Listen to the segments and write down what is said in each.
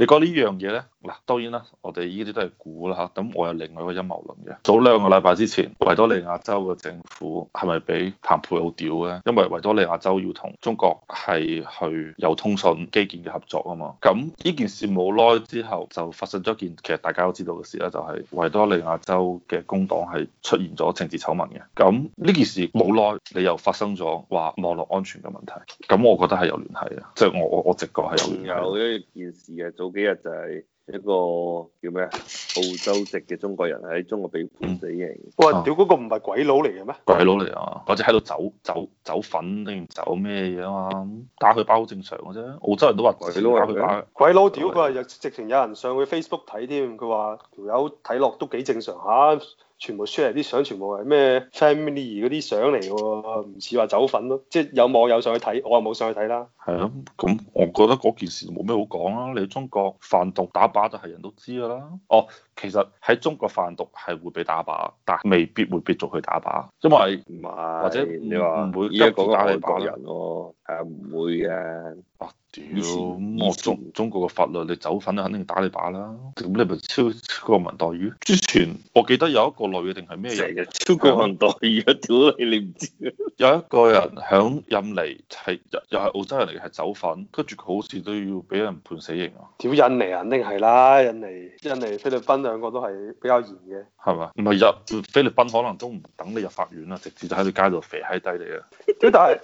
你覺得呢樣嘢咧？嗱，當然啦，我哋呢啲都係估啦嚇。咁我有另外一個陰謀論嘅。早兩個禮拜之前，維多利亞州嘅政府係咪俾蓬佩奧屌咧？因為維多利亞州要同中國係去有通訊基建嘅合作啊嘛。咁呢件事冇耐之後，就發生咗一件其實大家都知道嘅事咧，就係維多利亞州嘅工黨係出現咗政治醜聞嘅。咁呢件事冇耐，你又發生咗話網絡安全嘅問題。咁我覺得係有聯繫嘅，即係我我直覺係有聯繫。有一件事嘅早幾日就係。一個叫咩？澳洲籍嘅中國人喺中國被判死刑。哇！屌，嗰個唔係鬼佬嚟嘅咩？鬼佬嚟啊！或者喺度走走走粉定走咩嘢啊嘛？打佢包好正常嘅啫。澳洲人都話鬼佬打佢。鬼佬屌佢啊！直情有人上佢 Facebook 睇添，佢話條友睇落都幾正常吓。全部出嚟啲相，全部係咩 family 嗰啲相嚟喎，唔似話走粉咯，即係有網友上去睇，我又冇上去睇啦。係啊，咁我覺得嗰件事冇咩好講啦，啊。你中國販毒打靶就係人都知噶啦。哦，其實喺中國販毒係會被打靶，但未必會俾捉去打靶，因為是或者你話唔、啊、會一打你個人咯，係啊，唔、啊、會嘅。哦、啊，屌！思我中中國嘅法律，你走粉啊，肯定打你靶啦。咁你咪超，超過民待遇？之前我記得有一個。內嘅定係咩嘢？成超過人代而家屌你你唔知。有一個人響印尼係又係澳洲人嚟嘅係走粉，跟住佢好似都要俾人判死刑啊！屌印尼啊，肯定係啦，印尼、印尼、菲律賓兩個都係比較嚴嘅。係嘛？唔係入菲律賓可能都唔等你入法院啦，直接就喺你街度肥閪低你啊。屌！ 但係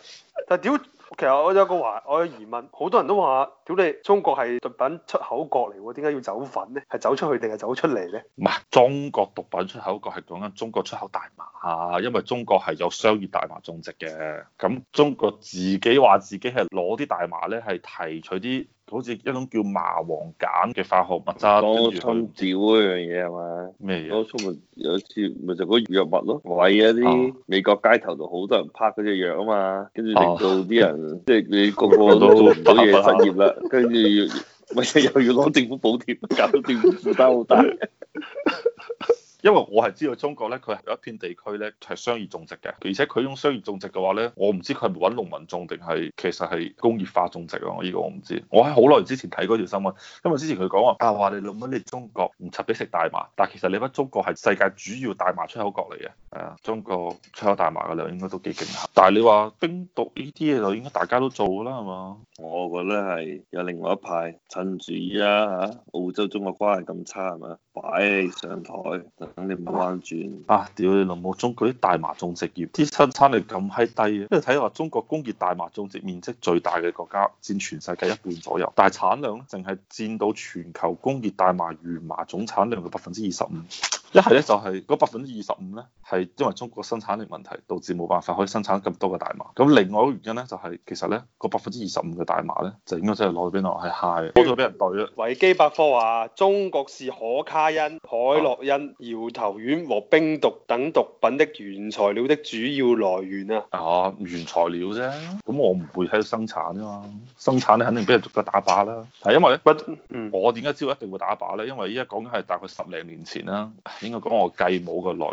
但係屌。 其實、okay, 我有個話，我有疑問，好多人都話，屌你中國係毒品出口國嚟，點解要走粉咧？係走出去定係走出嚟咧？唔係，中國毒品出口國係講緊中國出口大麻，因為中國係有商業大麻種植嘅。咁中國自己話自己係攞啲大麻咧，係提取啲。好似一種叫麻黃鹼嘅化學物質，多春釣嗰樣嘢係嘛？咩嘢麼？出咪有一次咪就嗰、是、藥物咯，喂、啊！一啲、啊、美國街頭度好多人拍嗰隻藥啊嘛，跟住令到啲人即係你個個都 做唔到嘢， 失業啦，跟住，咪又又要攞政府補貼，搞到政府負擔好大。 因為我係知道中國咧，佢係有一片地區咧係商業種植嘅，而且佢種商業種植嘅話咧，我唔知佢係揾農民種定係其實係工業化種植啊、這個。我呢個我唔知。我喺好耐之前睇嗰條新聞，因為之前佢講話話你諗唔諗你中國唔插啲食大麻，但其實你不中國係世界主要大麻出口國嚟嘅，係啊，中國出口大麻嘅量應該都幾勁下。但係你話冰毒呢啲嘢就應該大家都做啦，係嘛？我覺得係有另外一派，趁住依家澳洲中國關係咁差，係咪啊？擺上台，等你慢慢轉啊，屌你老母！中國啲大麻種植業啲生產力咁閪低啊，因為睇下中國工業大麻種植面積最大嘅國家佔全世界一半左右，但係產量咧淨係佔到全球工業大麻原麻總產量嘅百分之二十五。一係咧就係嗰百分之二十五咧，係因為中國生產力問題導致冇辦法可以生產咁多嘅大麻。咁另外一個原因咧就係、是、其實咧個百分之二十五嘅大麻咧，就應該真係攞去邊度係嗨，多咗俾人懟啊！維基百科話中國是可卡因、海洛因、啊、搖頭丸和冰毒等毒品的原材料的主要來源啊。啊，原材料啫，咁我唔會喺度生產啊嘛，生產咧肯定俾人逐個打靶啦。係因為咧，我點解知道一定會打靶咧？因為依家講緊係大概十零年前啦。應該講我繼母個女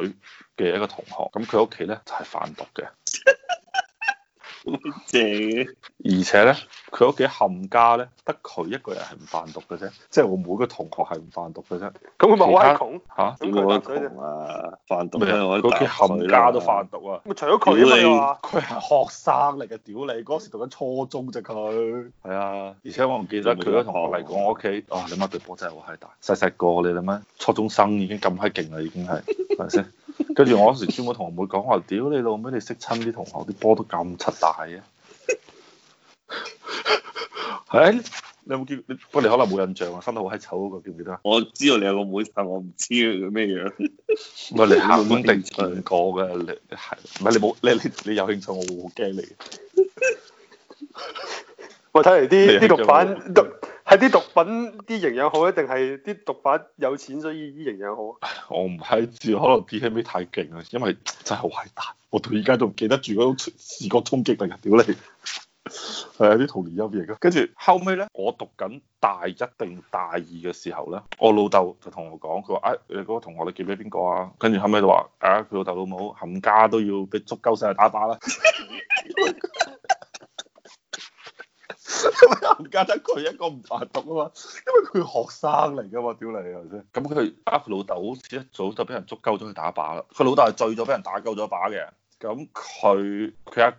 嘅一個同學，咁佢屋企咧就係販毒嘅。 而且咧，佢屋企冚家咧，得佢一個人係唔販毒嘅啫，即係我每個同學係唔販毒嘅啫。咁佢咪好閪窮吓？點解窮啊？販毒啊！我屋企冚家都販毒啊！除咗佢嚟話，佢係你學生嚟嘅，屌你！嗰時讀緊初中啫，佢係啊！而且我唔記得佢啲同學嚟過我屋企啊，你媽對波真係好閪大，細細個你諗咩？初中生已經咁閪勁啦，已經係係咪先？ 跟住我嗰時專門同我妹講話，屌你老妹，你識親啲同學啲波都咁七大嘅，係你有冇見？不過你可能冇印象啊，生得好閪醜嗰個記唔記得？我知道你有個妹，但我唔知佢咩樣。喂，你黑粉定長角嘅？你係唔係你冇？你你你有興趣，我會好驚你。喂，睇嚟啲啲毒粉。係啲毒品啲營養好，定係啲毒販有錢所以啲營養好啊？我唔係知，可能啲 A. M. 太勁啦，因為真係好偉大，我到而家仲記得住嗰種視覺衝擊力，屌你係啊啲童年優異啊！跟住後尾咧，我讀緊大一定大二嘅時候咧，我老豆就同我講，佢話啊，你、哎、嗰、那個同學你叫咩邊個啊？跟住後尾就話啊，佢、哎、老豆老母冚家都要俾足鳩聲打靶啦。 因為人家得佢一個唔殘毒啊嘛，因為佢學生嚟噶嘛，屌你啊先。咁佢阿老豆好似一早就俾人捉鳩咗，佢打靶啦。佢老豆係醉咗，俾人打鳩咗靶嘅。咁佢佢阿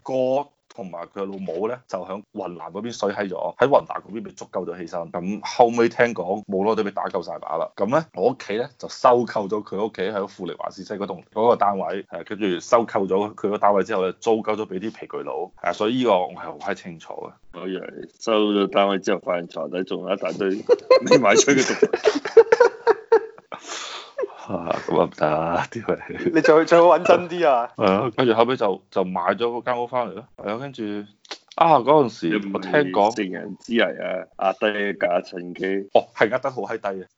哥。同埋佢老母咧就響雲南嗰邊水起咗，喺雲南嗰邊被捉夠咗起身，咁後尾聽講冇耐都俾打夠晒靶啦，咁咧我屋企咧就收購咗佢屋企喺富力華仕西嗰棟嗰個單位，誒，跟住收購咗佢個單位之後咧租夠咗俾啲皮具佬，誒，所以呢個我係好閪清楚嘅，我以為收咗單位之後發現床底仲有一大堆 你買出嘅毒品咁啊唔得，啲你！你最，最好穩陣啲啊！係 啊，跟住後尾就就買咗嗰間屋翻嚟咯。係啊，跟住啊嗰陣時我聽講乘人之危啊，壓低價錢嘅哦，係壓得好閪低啊！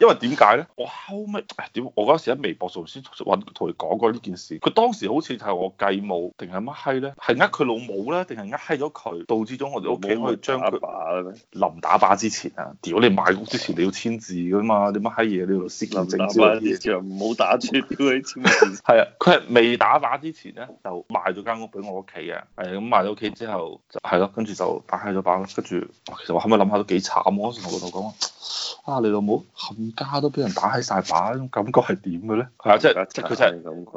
因為點解咧？我後屘點？我嗰時喺微博上先同佢講過呢件事。佢當時好似就係我繼母定係乜閪咧？係呃佢老母咧？定係呃咗佢？導致咗我哋屋企可以將佢打靶咧？臨打靶之前啊！屌你賣屋之前你要簽字噶嘛？你乜閪嘢？你度黐林正宵嘅嘢？唔好打字，屌你簽字。係啊，佢係未打靶之前咧，就賣咗間屋俾我屋企啊。係咁賣咗屋企之後，就係咯，跟住就打開咗把咯。跟住其實我後尾諗下都幾慘。我嗰時同老豆講啊，你老母。家都俾人打起曬靶，種感覺係點嘅咧？係啊，即係佢真係感覺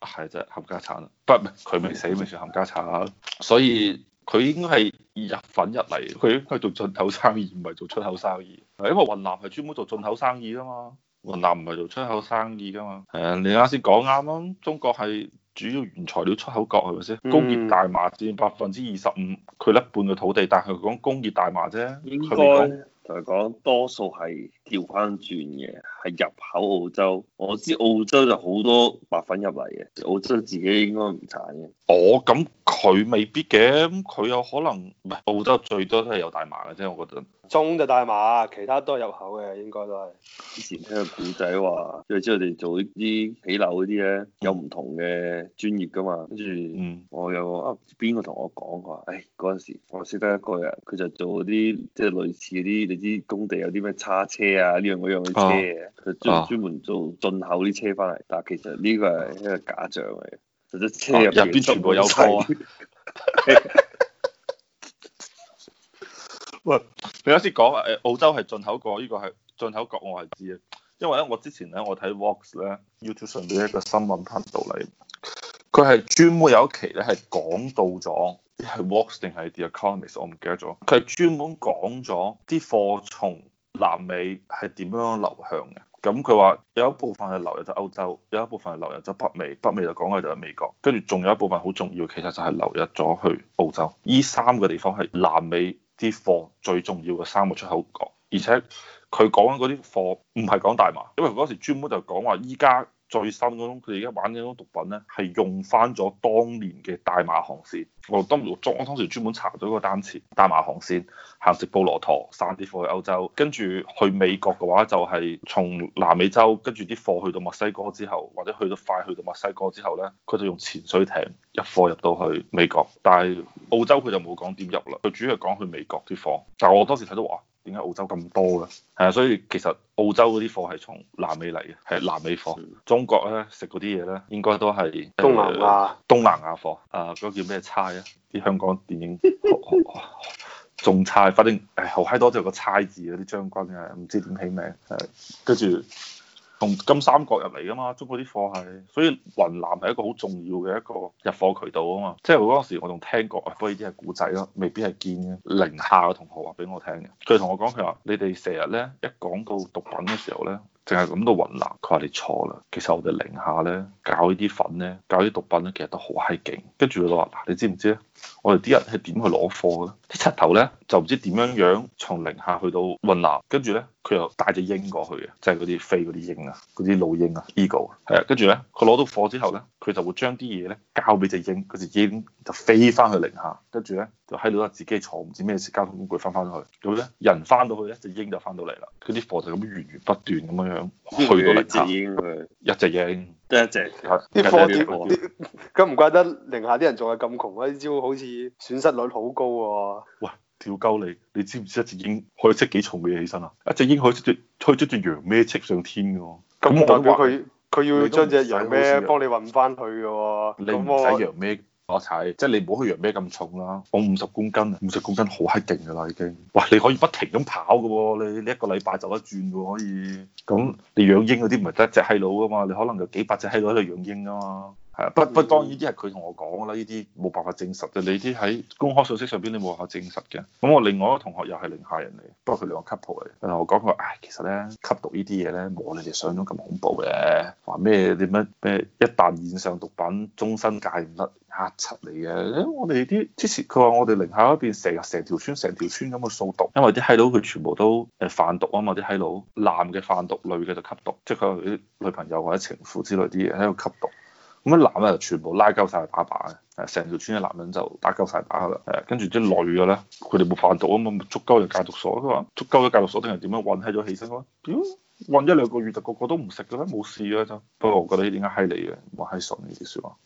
係即係冚家鏟啊！不唔係佢未死，咪 算冚家鏟。所以佢應該係入粉入嚟，佢應該做進口生意，唔係做出口生意。因為雲南係專門做進口生意啊嘛，雲南唔係做出口生意噶嘛。係啊，你啱先講啱啊！中國係主要原材料出口國係咪先？嗯、工業大麻佔百分之二十五，佢甩半個土地，但係講工業大麻啫。應該同佢講多數係。調翻轉嘅係入口澳洲，我知澳洲就好多白粉入嚟嘅，澳洲自己應該唔產嘅。哦，咁佢未必嘅，佢有可能唔係澳洲最多都係有大麻嘅啫，我覺得。中嘅大麻，其他都係入口嘅，應該都係。以前聽個古仔話，因為之後我哋做啲起樓嗰啲咧，有唔同嘅專業噶嘛？跟住我有啊，邊個同我講話，誒嗰陣時我識得一個人，佢就做啲即係類似嗰啲你知工地有啲咩叉車。啊！呢樣嗰樣嘅車佢專專門做進口啲車翻嚟，啊、但係其實呢個係一個假象嚟，啊、實質車入邊全，全部有貨，啊。 喂，你啱先講話誒，澳洲係進口國，呢、呢個係進口國，我係知啊。因為咧，我之前咧，我睇 Vox 咧 YouTube 上邊一個新聞頻道嚟，佢係專門有一期咧係講到咗，係 Vox 定係 The Economist，我唔記得咗。佢係專門講咗啲貨從。南美係點樣流向嘅？咁佢話有一部分係流入咗歐洲，有一部分係流入咗北美，北美就講嘅就係美國，跟住仲有一部分好重要，其實就係流入咗去澳洲。依三個地方係南美啲貨最重要嘅三個出口國，而且佢講緊嗰啲貨唔係講大麻，因為嗰時專門就講話依家。最新嗰種，佢哋而家玩嗰種毒品咧，係用翻咗當年嘅大馬航線。我當時我當時專門查咗個單詞，大馬航線行直布羅陀散啲貨去歐洲，跟住去美國嘅話就係從南美洲，跟住啲貨去到墨西哥之後，或者去到快去到墨西哥之後咧，佢就用潛水艇入貨入到去美國，但係澳洲佢就冇講點入啦。佢主要係講去美國啲貨，但係我當時睇到話。點解澳洲咁多嘅？係啊，所以其實澳洲嗰啲貨係從南美嚟嘅，係南美貨。中國咧食嗰啲嘢咧，應該都係東南亞、呃、東南亞貨。啊，嗰、嗰個叫咩差啊？啲香港電影仲、哦哦、差，反正誒好閪多就個差字嗰啲將軍啊，唔知點起名係，跟住。同金三角入嚟㗎嘛，中國啲貨係。所以雲南係一個好重要嘅一個入貨渠道啊嘛，即係嗰陣時我仲聽過啊，不過呢啲係古仔咯，未必係見嘅。寧夏嘅同學話俾我聽嘅，佢同我講，佢話你哋成日咧一講到毒品嘅時候咧。淨係諗到雲南，佢話你錯啦。其實我哋寧夏咧，搞呢啲粉咧，搞啲毒品咧，其實都好閪勁。跟住佢就話：嗱，你知唔知咧？我哋啲人係點去攞貨嘅咧？啲七頭咧就唔知點樣樣從寧夏去到雲南，跟住咧佢又帶隻鷹過去嘅，即係嗰啲飛嗰啲鷹啊，嗰啲老鷹啊，eagle。係啊，跟住咧佢攞到貨之後咧，佢就會將啲嘢咧交俾隻鷹，隻鷹就飛翻去寧夏，跟住咧就喺度自己坐唔知咩交通工具翻翻去。咁咧人翻到去咧，隻鷹就翻到嚟啦。嗰啲貨就咁源源不斷咁樣樣。咁去到立節鷹，嗯、一隻鷹，得一隻，啲貨點？咁唔怪得寧夏啲人仲係咁窮，窮，一招好似損失率好高喎、啊。喂，吊鳩你！你知唔知一隻鷹可以識幾重嘅嘢起身啊？一隻鷹可以積住，可以積住隻羊咩積上天嘅喎、啊。咁代表佢佢要將隻羊咩幫你運翻去嘅喎、啊。你唔使羊咩？我睇，即係你唔好去養咩咁重啦，我五十公斤，五十公斤好閪勁噶啦已經。哇，你可以不停咁跑噶喎、啊，你你一個禮拜就一轉噶喎可以。咁你養鷹嗰啲唔係得一隻閪佬噶嘛，你可能有幾百隻閪佬喺度養鷹噶嘛。不不當然啲係佢同我講啦，呢啲冇辦法證實嘅。你啲喺公開信息上邊你冇辦法證實嘅。咁我另外一個同學又係寧夏人嚟，不過佢兩個 couple 嚟。然後我講，唉、哎，其實咧吸毒呢啲嘢咧冇你哋想咁恐怖嘅，話咩點樣咩一旦染上毒品，終身戒唔甩，黑漆嚟嘅。我哋啲之前佢話我哋寧夏嗰邊成成條村成條村咁去掃毒，因為啲閪佬佢全部都誒販毒啊嘛，啲閪佬男嘅販毒，女嘅就吸毒，即係佢啲女朋友或者情婦之類啲嘢喺度吸毒。咁樣男嘅全部拉鳩曬打靶嘅，誒成條村嘅男人就打鳩晒靶啦，誒跟住啲女嘅咧，佢哋冇犯到啊嘛，捉鳩入戒毒所，佢話捉鳩去戒毒所定係點樣韞起咗起身？我屌韞一兩個月就個個都唔食嘅咩，冇事嘅啫。不過我覺得呢啲咁閪你嘅，話閪順呢啲説話。